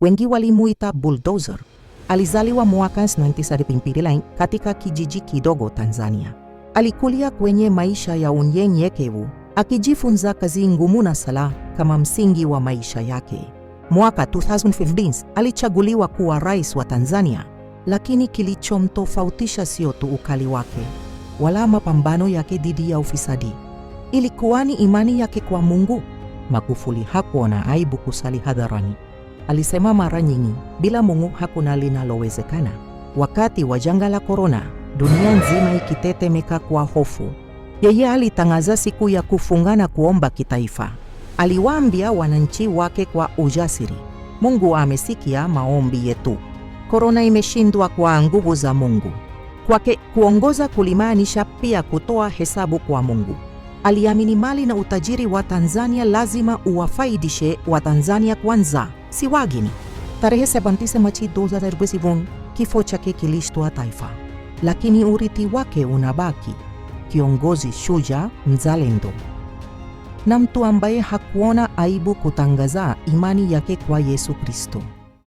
Wengi walimuita bulldozer. Alizaliwa mwaka 1929 katika kijiji kidogo Tanzania. Alikulia kwenye maisha ya unyenyekevu, akijifunza kazi ngumu na sala kama msingi wa maisha yake. Mwaka 2015 alichaguliwa kuwa rais wa Tanzania, lakini kilichomtofautisha sio tu ukali wake wala mapambano yake dhidi ya ufisadi, ilikuwa ni imani yake kwa Mungu. Magufuli hakuona aibu kusali hadharani. Alisema mara nyingi, bila Mungu hakuna linalowezekana. Wakati wa janga la korona, dunia nzima ikitetemeka kwa hofu, yeye alitangaza siku ya kufunga na kuomba kitaifa. Aliwaambia wananchi wake kwa ujasiri, Mungu amesikia maombi yetu. Korona imeshindwa kwa nguvu za Mungu. Kwake kuongoza kulimaanisha pia kutoa hesabu kwa Mungu aliamini mali na utajiri wa Tanzania lazima uwafaidishe wa tanzania kwanza, si wageni. Tarehe 17 Machi 2021 kifo chake kilishtua taifa, lakini urithi wake unabaki: kiongozi shuja mzalendo na mtu ambaye hakuona aibu kutangaza imani yake kwa Yesu Kristo.